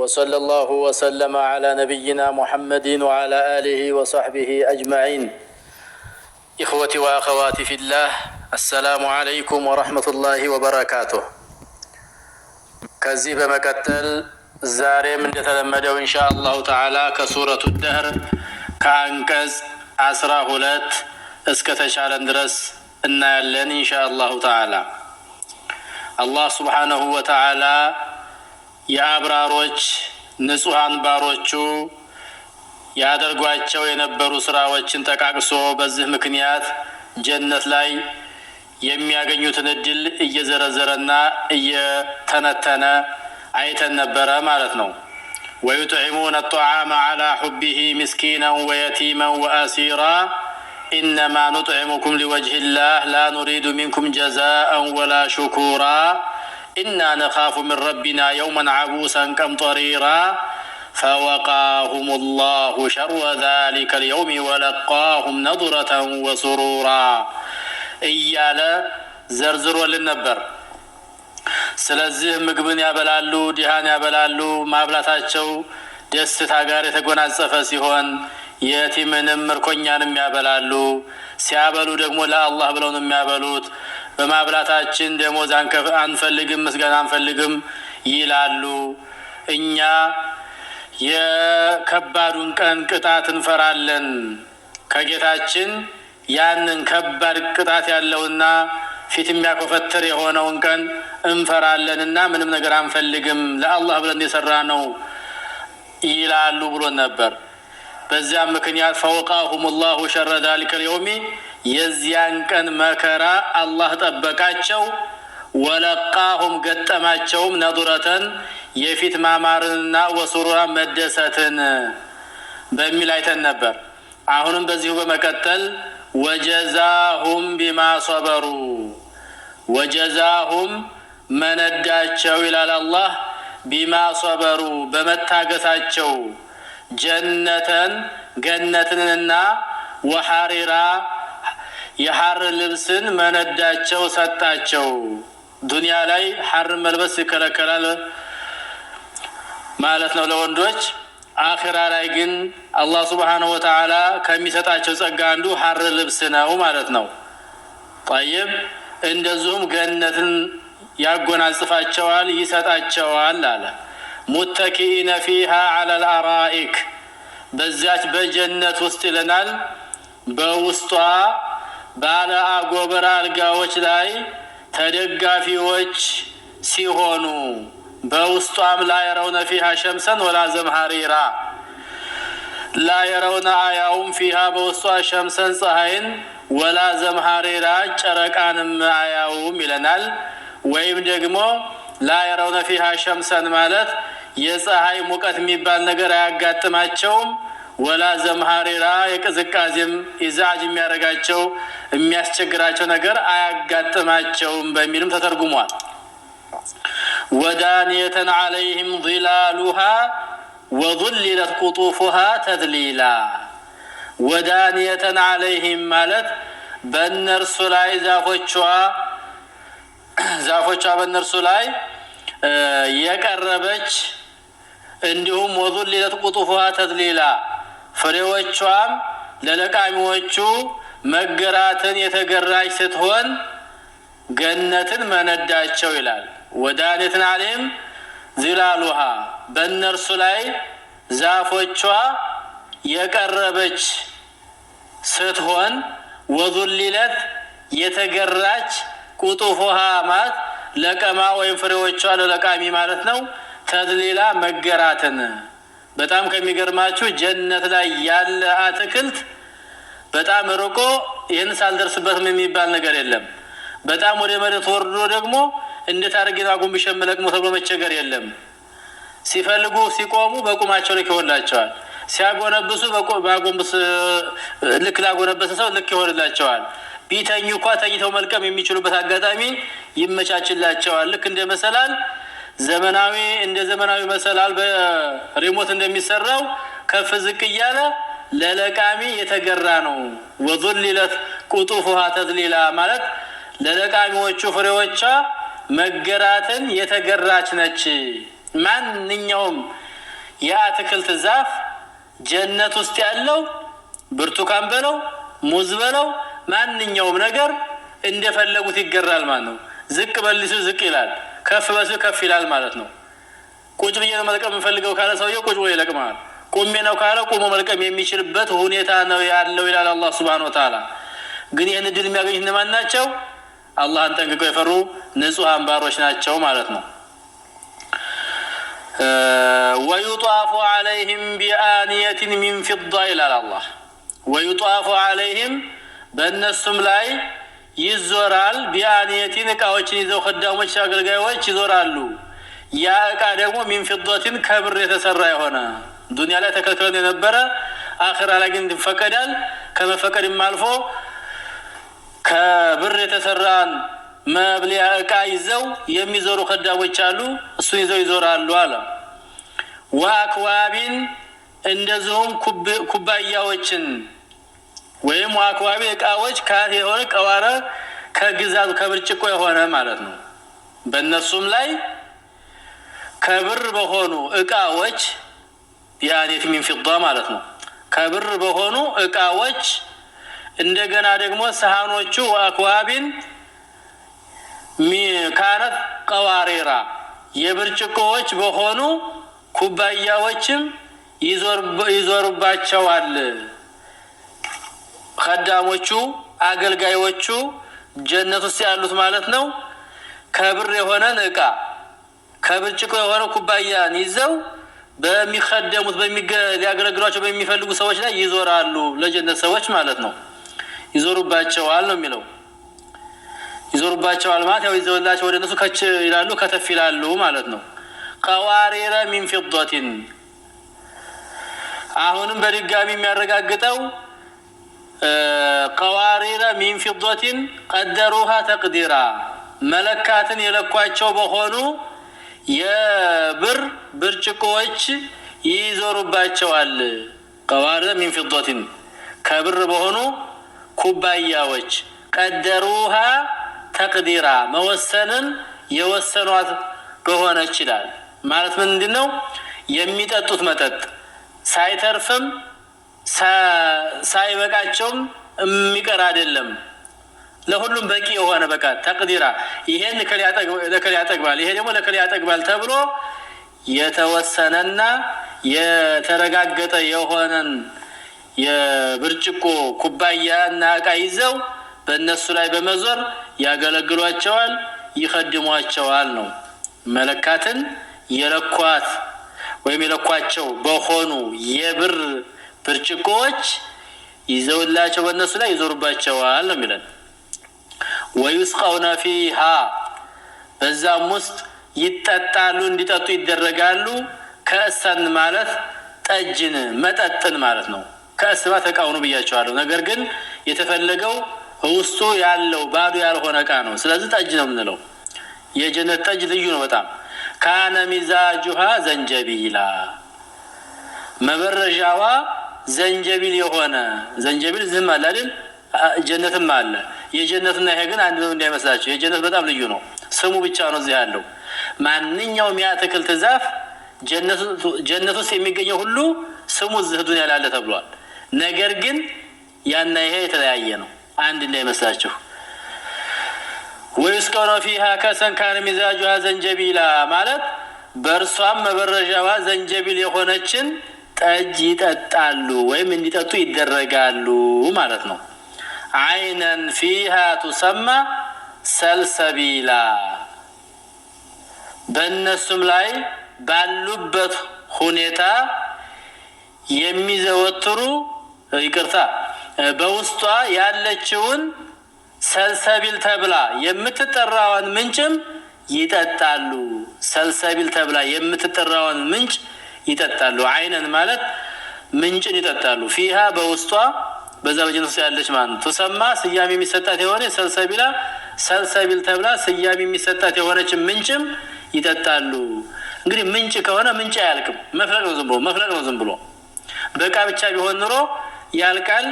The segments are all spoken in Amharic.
وصلى الله وسلم على نبينا محمد وعلى آله وصحبه أجمعين إخوتي وأخواتي في الله السلام عليكم ورحمة الله وبركاته كذب مكتل زاري من تتلمدوا إن شاء الله تعالى كسورة الدهر كأنكز عسرا غلات عسرة غلت እስከተቻለ ድረስ ان شاء الله تعالى الله سبحانه وتعالى የአብራሮች ንጹሐን ባሮቹ ያደርጓቸው የነበሩ ስራዎችን ጠቃቅሶ በዚህ ምክንያት ጀነት ላይ የሚያገኙትን እድል እየዘረዘረና እየተነተነ አይተን ነበረ ማለት ነው። ወዩጥዕሙነ አጠዓመ ዓላ ሑቢሂ ምስኪናን ወየቲመን ወአሲራ ኢነማ ኑጥዕሙኩም ሊወጅሂላህ ላ ኑሪዱ ሚንኩም ጀዛአን ወላ ሹኩራ ኢና ነኻፉ ምን ረቢና የውመን ዓቡሰን ቀምጠሪራ ፈወቃሁም ላሁ ሸረ ዛሊከ ልየውም ወለቃሁም ነድረተን ወሱሩራ እያለ ዘርዝሮልን ነበር። ስለዚህ ምግብን ያበላሉ፣ ድሃን ያበላሉ። ማብላታቸው ደስታ ጋር የተጎናጸፈ ሲሆን የቲምንም ምርኮኛንም ያበላሉ። ሲያበሉ ደግሞ ለአላህ ብለው ነው የሚያበሉት። በማብላታችን ደሞዝ አንፈልግም፣ ምስጋና አንፈልግም ይላሉ። እኛ የከባዱን ቀን ቅጣት እንፈራለን። ከጌታችን ያንን ከባድ ቅጣት ያለውና ፊት የሚያኮፈትር የሆነውን ቀን እንፈራለንና ምንም ነገር አንፈልግም ለአላህ ብለን የሰራ ነው ይላሉ ብሎን ነበር። በዚያም ምክንያት ፈወቃሁም ላሁ ሸረ ዛሊከ ልየውሚ የዚያን ቀን መከራ አላህ ጠበቃቸው። ወለቃሁም ገጠማቸውም ነዱረተን የፊት ማማርንና ወሱሩራ መደሰትን በሚል አይተን ነበር። አሁንም በዚሁ በመቀጠል ወጀዛሁም ቢማ ሶበሩ ወጀዛሁም መነዳቸው ይላል አላህ ቢማ ሶበሩ በመታገሳቸው ጀነተን ገነትንና ወሐሪራ የሐር ልብስን መነዳቸው ሰጣቸው። ዱንያ ላይ ሐርን መልበስ ይከለከላል ማለት ነው ለወንዶች። አኺራ ላይ ግን አላህ ሱብሓነሁ ወተዓላ ከሚሰጣቸው ጸጋ አንዱ ሐር ልብስ ነው ማለት ነው። ጠይብ እንደዚሁም ገነትን ያጎናጽፋቸዋል ይሰጣቸዋል አለ። ሙተኪኢነ ፊሃ ዐለል አራኢክ በዚያች በጀነት ውስጥ ይለናል በውስጧ ባለ አጎበር አልጋዎች ላይ ተደጋፊዎች ሲሆኑ በውስጧም ላየረውነ ፊሃ ሸምሰን ወላ ዘምሃሪራ ላየረውነ አያውም ፊሃ በውስጧ ሸምሰን ፀሐይን ወላ ዘምሃሪራ ጨረቃንም አያውም ይለናል። ወይም ደግሞ ላየረውነ ፊሃ ሸምሰን ማለት የፀሐይ ሙቀት የሚባል ነገር አያጋጥማቸውም። ወላ ዘምሃሬራ የቅዝቃዜም ኢዛጅ የሚያደርጋቸው የሚያስቸግራቸው ነገር አያጋጥማቸውም በሚልም ተተርጉሟል። ወዳንየተን አለይህም ዚላሉሃ ወዙሊለት ቁጡፉሃ ተዝሊላ። ወዳንየተን አለይህም ማለት በእነርሱ ላይ ዛፎቿ ዛፎቿ በእነርሱ ላይ የቀረበች እንዲሁም ወዙሊለት ቁጡፉሃ ተዝሊላ ፍሬዎቿም ለለቃሚዎቹ መገራትን የተገራች ስትሆን ገነትን መነዳቸው ይላል። ወዳኔትን አሌም ዚላሉሃ በእነርሱ ላይ ዛፎቿ የቀረበች ስትሆን ወዙሊለት የተገራች ቁጡፎሃ ማለት ለቀማ ወይም ፍሬዎቿ ለለቃሚ ማለት ነው። ተዝሊላ መገራትን በጣም ከሚገርማችሁ ጀነት ላይ ያለ አትክልት በጣም ርቆ ይህን ሳልደርስበትም የሚባል ነገር የለም። በጣም ወደ መሬት ወርዶ ደግሞ እንዴት አድርጌ አጉንብሼ የምለቅሞ ተብሎ መቸገር የለም። ሲፈልጉ ሲቆሙ በቁማቸው ልክ ይሆንላቸዋል። ሲያጎነብሱ በአጎንብስ ልክ ላጎነበሰ ሰው ልክ ይሆንላቸዋል። ቢተኙ እኳ ተኝተው መልቀም የሚችሉበት አጋጣሚ ይመቻችላቸዋል። ልክ እንደ መሰላል ዘመናዊ እንደ ዘመናዊ መሰላል በሪሞት እንደሚሰራው ከፍ ዝቅ እያለ ለለቃሚ የተገራ ነው። ወዙልለት ቁጡፉሃ ተዝሊላ ማለት ለለቃሚዎቹ ፍሬዎቿ መገራትን የተገራች ነች። ማንኛውም የአትክልት ዛፍ ጀነት ውስጥ ያለው ብርቱካን በለው ሙዝ በለው ማንኛውም ነገር እንደፈለጉት ይገራል ማለት ነው። ዝቅ በልሱ ዝቅ ይላል። ከፍ በስል ከፍ ይላል ማለት ነው። ቁጭ ብዬ ነው መልቀም የምፈልገው ካለ ሰውየው ቁጭ ብሎ ይለቅማል። ቁሜ ነው ካለ ቁሞ መልቀም የሚችልበት ሁኔታ ነው ያለው ይላል አላህ ሱብሃነሁ ወተዓላ። ግን ይህን እድል የሚያገኙት እነማን ናቸው? አላህን ጠንቅቀው የፈሩ ንጹሐን ባሮች ናቸው ማለት ነው። ወዩጧፉ አለይህም ቢአንየትን ሚን ፊዳ ይላል አላህ። ወዩጧፉ አለይህም በእነሱም ላይ ይዞራል። ቢአንየቲን እቃዎችን ይዘው ከዳሞች አገልጋዮች ይዞራሉ። ያ እቃ ደግሞ ሚንፊዶቲን ከብር የተሰራ የሆነ ዱኒያ ላይ ተከልክለን የነበረ አኸራ ላይ ግን ይፈቀዳል። ከመፈቀድም አልፎ ከብር የተሰራን መብሊያ እቃ ይዘው የሚዞሩ ከዳሞች አሉ። እሱን ይዘው ይዞራሉ አለ። ወአክዋቢን እንደዚሁም ኩባያዎችን ወይም አክባቢ እቃዎች ካት የሆነ ቀዋረ ከግዛቱ ከብርጭቆ የሆነ ማለት ነው። በእነሱም ላይ ከብር በሆኑ እቃዎች ያኔት የአኔት ሚንፊዳ ማለት ነው። ከብር በሆኑ እቃዎች እንደገና ደግሞ ሰሃኖቹ ወአክዋቢን ካነት ቀዋሬራ የብርጭቆዎች በሆኑ ኩባያዎችም ይዞርባቸዋል። ከዳሞቹ አገልጋዮቹ ጀነት ውስጥ ያሉት ማለት ነው። ከብር የሆነን እቃ ከብርጭቆ የሆነ ኩባያን ይዘው በሚከደሙት ሊያገለግሏቸው በሚፈልጉ ሰዎች ላይ ይዞራሉ። ለጀነት ሰዎች ማለት ነው። ይዞሩባቸዋል ነው የሚለው። ይዞሩባቸዋል ማለት ያው ይዘውላቸው ወደ እነሱ ከች ይላሉ፣ ከተፍ ይላሉ ማለት ነው። ቀዋሪረ ሚን ፊዶቲን አሁንም በድጋሚ የሚያረጋግጠው ቀዋሪረ ሚንፊዶቲን ፊዶቲን ቀደሩሃ ተቅዲራ መለካትን የለኳቸው በሆኑ የብር ብርጭቆዎች ይዞሩባቸዋል። ቀዋሪረ ሚን ከብር በሆኑ ኩባያዎች ቀደሩሃ ተቅዲራ መወሰንን የወሰኗት በሆነ ይችላል ማለት ምንድን ነው? የሚጠጡት መጠጥ ሳይተርፍም ሳይበቃቸውም የሚቀር አይደለም። ለሁሉም በቂ የሆነ በቃ ተቅዲራ ይሄን ለከል ያጠግባል፣ ይሄ ደግሞ ለከል ያጠግባል ተብሎ የተወሰነና የተረጋገጠ የሆነን የብርጭቆ ኩባያና እቃ ይዘው በእነሱ ላይ በመዞር ያገለግሏቸዋል፣ ይከድሟቸዋል ነው መለካትን የለኳት ወይም የለኳቸው በሆኑ የብር ብርጭቆዎች ይዘውላቸው በእነሱ ላይ ይዞሩባቸዋል ነው የሚለን። ወዩስቀውነ ፊሃ በዛም ውስጥ ይጠጣሉ፣ እንዲጠጡ ይደረጋሉ። ከእሰን ማለት ጠጅን መጠጥን ማለት ነው። ከእስባ ተቃውኑ ብያቸዋለሁ። ነገር ግን የተፈለገው ውስጡ ያለው ባዶ ያልሆነ እቃ ነው። ስለዚህ ጠጅ ነው የምንለው። የጀነት ጠጅ ልዩ ነው በጣም ካነ ሚዛጁሃ ዘንጀቢላ መበረዣዋ ዘንጀቢል የሆነ ዘንጀቢል ዝም አለ አይደል? ጀነትም አለ። የጀነትና ይሄ ግን አንድ ነው እንዳይመስላችሁ። የጀነት በጣም ልዩ ነው። ስሙ ብቻ ነው እዚህ ያለው። ማንኛውም የአትክልት ዛፍ ጀነት ውስጥ የሚገኘው ሁሉ ስሙ እዚህ ዱንያ ላለ ተብሏል። ነገር ግን ያና ይሄ የተለያየ ነው፣ አንድ እንዳይመስላችሁ። ወይስቀኖ ፊሃ ከሰን ካን ሚዛጅ ዘንጀቢላ ማለት በእርሷም መበረዣዋ ዘንጀቢል የሆነችን ጠጅ ይጠጣሉ ወይም እንዲጠጡ ይደረጋሉ ማለት ነው። አይነን ፊሃ ቱሰማ ሰልሰቢላ በእነሱም ላይ ባሉበት ሁኔታ የሚዘወትሩ ይቅርታ፣ በውስጧ ያለችውን ሰልሰቢል ተብላ የምትጠራዋን ምንጭም ይጠጣሉ። ሰልሰቢል ተብላ የምትጠራዋን ምንጭ ይጠጣሉ። አይነን ማለት ምንጭን ይጠጣሉ። ፊሃ በውስጧ በዛ በጀነት ያለች ማለት ነው። ተሰማ ስያሜ የሚሰጣት የሆነ ሰልሰቢላ ሰልሰቢል ተብላ ስያሜ የሚሰጣት የሆነች ምንጭም ይጠጣሉ። እንግዲህ ምንጭ ከሆነ ምንጭ አያልቅም። መፍለቅ ነው ዝም ብሎ መፍለቅ ነው ዝም ብሎ በቃ ብቻ ቢሆን ኑሮ ያልቃል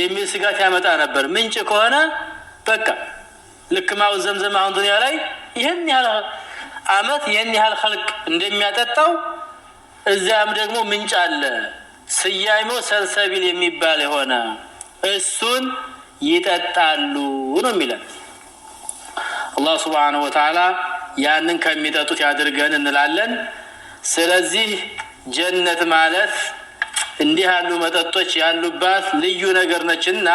የሚል ስጋት ያመጣ ነበር። ምንጭ ከሆነ በቃ ልክ ማው ዘምዘም አሁን ዱኒያ ላይ ይህን ያህል አመት ይህን ያህል ኸልቅ እንደሚያጠጣው እዚያም ደግሞ ምንጭ አለ። ስያሜው ሰልሰቢል የሚባል የሆነ እሱን ይጠጣሉ ነው የሚለን። አላህ ሱብሓነሁ ወተዓላ ያንን ከሚጠጡት ያድርገን እንላለን። ስለዚህ ጀነት ማለት እንዲህ ያሉ መጠጦች ያሉባት ልዩ ነገር ነችና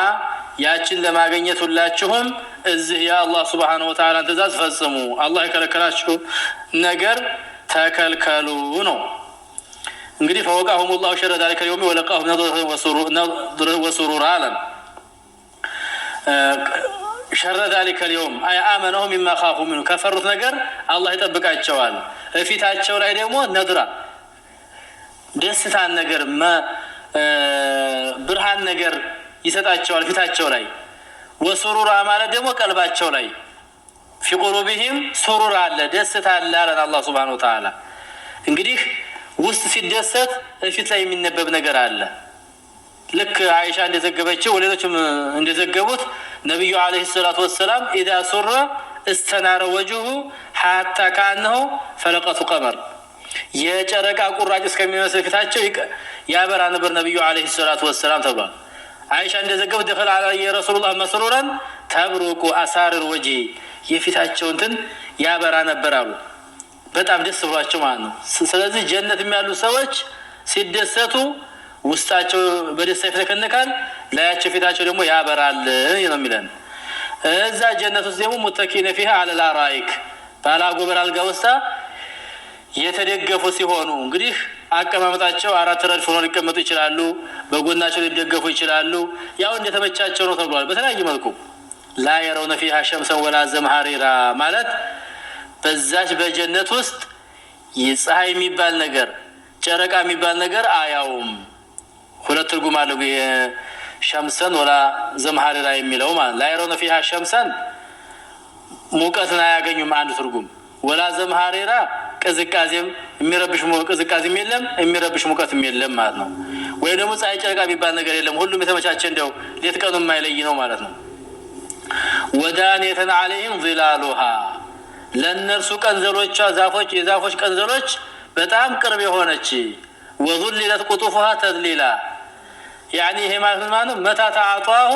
ያችን ለማግኘት ሁላችሁም እዚህ የአላህ ሱብሓነሁ ወተዓላ ትእዛዝ ፈጽሙ። አላህ የከለከላችሁ ነገር ተከልከሉ ነው። እንግዲህ ፈወቃሁም ላሁ ሸረ ዛሊከ ልየውሚ ወለቃሁም ወሱሩራ አለን። ሸረ ዛሊከ ልየውም አይ አመነሁም ሚማ ኻፉ ሚንሁ ከፈሩት ነገር አላህ ይጠብቃቸዋል። እፊታቸው ላይ ደግሞ ነድራ ደስታን ነገር ብርሃን ነገር ይሰጣቸዋል ፊታቸው ላይ ወሱሩራ ማለት ደግሞ ቀልባቸው ላይ ፊ ቁሉቢሂም ሱሩር አለ ደስታ አለ አለን አላህ ሱብሃነሁ ወተዓላ እንግዲህ ውስጥ ሲደሰት ፊት ላይ የሚነበብ ነገር አለ። ልክ አይሻ እንደዘገበችው ወሌሎችም እንደዘገቡት ነቢዩ አለይሂ ሰላቱ ወሰላም ኢዛ ሱረ እስተናረ ወጅሁ ሀታ ካነሁ ፈለቀቱ ቀመር የጨረቃ ቁራጭ እስከሚመስል ፊታቸው ያበራ ነበር ነቢዩ አለይሂ ሰላቱ ወሰላም ተብሏል። አይሻ እንደዘገቡት ደኸለ ዓለየ ረሱሉላህ መስሩረን ተብሩቁ አሳርር ወጂ የፊታቸው እንትን ያበራ ነበር አሉ። በጣም ደስ ብሏቸው ማለት ነው። ስለዚህ ጀነት የሚያሉ ሰዎች ሲደሰቱ ውስጣቸው በደስታ ይፈተከነካል፣ ላያቸው ፊታቸው ደግሞ ያበራል ነው የሚለን። እዛ ጀነት ውስጥ ደግሞ ሙተኪነ ፊሃ አለላራይክ ባላጎበር አልጋ ውስጣ የተደገፉ ሲሆኑ እንግዲህ አቀማመጣቸው አራት ረድፍ ሆኖ ሊቀመጡ ይችላሉ። በጎናቸው ሊደገፉ ይችላሉ። ያው እንደተመቻቸው ነው ተብሏል። በተለያዩ መልኩ ላ የረውነ ፊሃ ሸምሰን ወላ ዘምሐሪራ ማለት በዛች በጀነት ውስጥ የፀሐይ የሚባል ነገር ጨረቃ የሚባል ነገር አያውም። ሁለት ትርጉም አለው ሸምሰን ወላ ዘምሃሪራ የሚለው ማለት ላይሮነ ፊሃ ሸምሰን ሙቀትን አያገኙም አንድ ትርጉም ወላ ዘምሃሪራ ቅዝቃዜም የሚረብሽ ቅዝቃዜም የለም የሚረብሽ ሙቀትም የለም ማለት ነው። ወይም ደግሞ ፀሐይ ጨረቃ የሚባል ነገር የለም። ሁሉም የተመቻቸ እንዲያው ሌት ቀኑ የማይለይ ነው ማለት ነው። ወዳኔተን አለይም ዚላሉሃ ለእነርሱ ቀንዘሎቿ ዛፎች የዛፎች ቀንዘሎች በጣም ቅርብ የሆነች ወዙሊለት ቁጡፉሃ ተዝሊላ ያኒ ይሄ ማለት ማለ መታ ተአጧሁ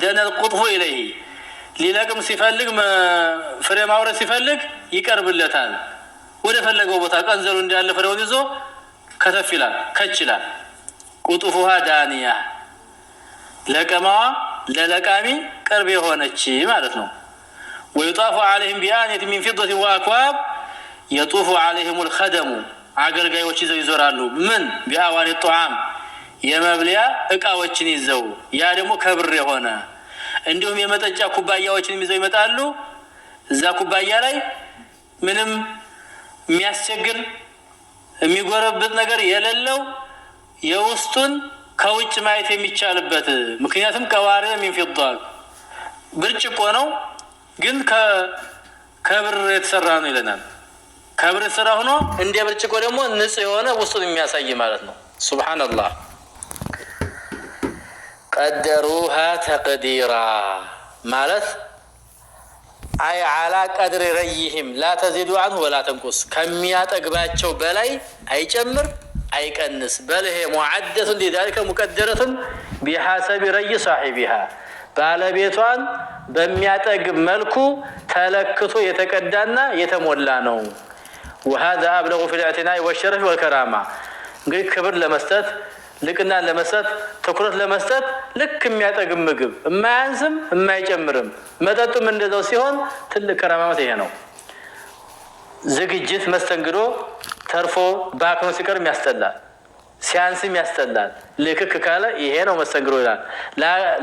ደነል ቁጥፉ ኢለይ ሊለቅም ሲፈልግ ፍሬ ማውረድ ሲፈልግ ይቀርብለታል። ወደ ፈለገው ቦታ ቀንዘሉ እንዳለ ፍሬውን ይዞ ከተፍ ይላል ከች ይላል። ቁጡፉሃ ዳንያ ለቀማዋ ለለቃሚ ቅርብ የሆነች ማለት ነው። ወዩጣፉ አለይህም ቢያኔት ሚን ፊደት ወአክዋብ የጡፉ አለይህም ልከደሙ አገልጋዮች ይዘው ይዞራሉ። ምን ቢአዋን ጧዓም የመብልያ እቃዎችን ይዘው ያ ደግሞ ከብር የሆነ እንዲሁም የመጠጫ ኩባያዎችንም ይዘው ይመጣሉ። እዛ ኩባያ ላይ ምንም የሚያስቸግር የሚጎረብጥ ነገር የሌለው የውስጡን ከውጭ ማየት የሚቻልበት ምክንያቱም ቀዋሪ ሚን ብርጭቆ ነው። ግን ከብር የተሰራ ነው ይለናል። ከብር የተሰራ ሆኖ እንደ ብርጭቆ ደግሞ ንጹህ የሆነ ውስጡን የሚያሳይ ማለት ነው። ሱብሓነላህ ቀደሩሃ ተቅዲራ ማለት አይ አላ ቀድሪ ረይህም ላ ተዚዱ አንሁ ወላ ተንቁስ፣ ከሚያጠግባቸው በላይ አይጨምር አይቀንስ። በልሄ ሙዓደቱን ሊዛሊከ ሙቀደረቱን ቢሓሰቢ ረይ ሳሒቢሃ ባለቤቷን በሚያጠግብ መልኩ ተለክቶ የተቀዳና የተሞላ ነው። ወሀዛ አብለቁ ፊል ወሸረፍ ወልከራማ። እንግዲህ ክብር ለመስጠት ልቅናን ለመስጠት ትኩረት ለመስጠት ልክ የሚያጠግብ ምግብ የማያንስም የማይጨምርም፣ መጠጡም እንደዛው ሲሆን ትልቅ ከራማመት ይሄ ነው። ዝግጅት መስተንግዶ ተርፎ በአክኖ ሲቀርም ያስጠላል። ሲያንስም ያስጠላል። ልክክ ካለ ይሄ ነው መስተንግዶ ይላል።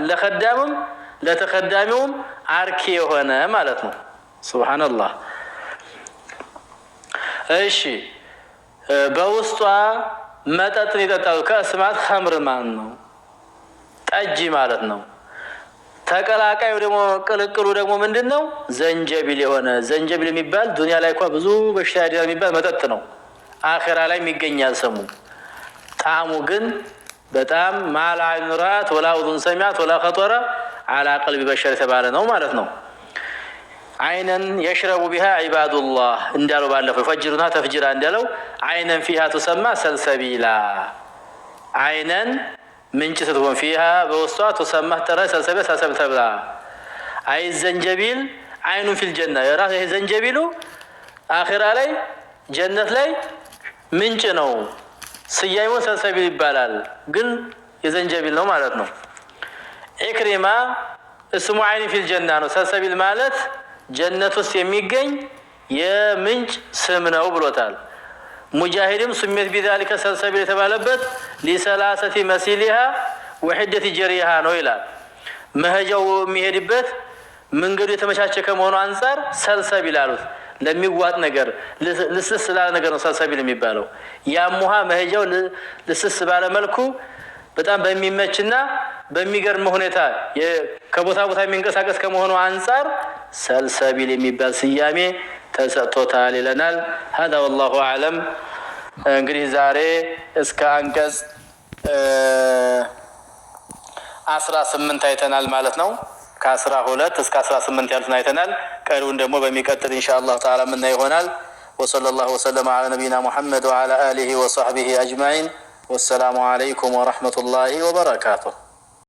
ለከዳምም ለተከዳሚውም አርኪ የሆነ ማለት ነው። ሱብሓነላህ። እሺ፣ በውስጧ መጠጥን ይጠጣሉ። ከእስማት ከምር ማን ነው፣ ጠጅ ማለት ነው። ተቀላቃዩ ደግሞ ቅልቅሉ ደግሞ ምንድን ነው? ዘንጀቢል የሆነ ዘንጀቢል የሚባል ዱንያ ላይ እኳ ብዙ በሽታ ያድናል የሚባል መጠጥ ነው። አኼራ ላይ የሚገኛል ስሙ ጣዕሙ ግን በጣም ማላ ወላ ውዙን ሰሚያት ወላ ከጦረ አላ ቀልቢ በሸር የተባለ ነው ማለት ነው። አይነን የሽረቡ ቢሃ ዒባዱላህ እንዳለው ባለፈው የፈጅሩና ተፍጅራ እንዳለው አይነን ፊሃ ቱሰማ ሰልሰቢላ አይነን ምንጭ ስትሆን ፊሃ በውስጧ ቱሰማ ተራ ሰልሰቢላ ሰልሰብ ተብላ አይ ዘንጀቢል አይኑን ፊል ጀና የራሱ ዘንጀቢሉ አኺራ ላይ ጀነት ላይ ምንጭ ነው። ስያሜው ሰልሰቢል ይባላል፣ ግን የዘንጀቢል ነው ማለት ነው። ኤክሪማ እስሙ አይኒ ፊል ጀና ነው። ሰልሰቢል ማለት ጀነት ውስጥ የሚገኝ የምንጭ ስም ነው ብሎታል። ሙጃሂድም ስሜት ቢዛሊከ ሰልሰቢል የተባለበት ሊሰላሰቲ መሲሊሃ ወሒደቲ ጀሪሃ ነው ይላል። መሄጃው የሚሄድበት መንገዱ የተመቻቸ ከመሆኑ አንጻር ሰልሰቢል አሉት። ለሚዋጥ ነገር ልስስ ስላለ ነገር ነው ሰልሰቢል የሚባለው። ያም ውሃ መሄጃው ልስስ ባለ መልኩ በጣም በሚመችና በሚገርም ሁኔታ ከቦታ ቦታ የሚንቀሳቀስ ከመሆኑ አንጻር ሰልሰቢል የሚባል ስያሜ ተሰጥቶታል ይለናል። ሀዛ ወላሁ አለም። እንግዲህ ዛሬ እስከ አንቀጽ አስራ ስምንት አይተናል ማለት ነው። ከአስራ ሁለት እስከ አስራ ስምንት ያሉትን አይተናል። ቀሪውን ደግሞ በሚቀጥል ኢንሻ አላሁ ተዓላ ምና ይሆናል። ወሰለ ላሁ ወሰለም አላ ነቢና ሙሐመድ ወአላ አሊሂ ወሰሕቢሂ አጅማዒን። ወሰላሙ አለይኩም ወረሕመቱላሂ ወበረካቱሁ።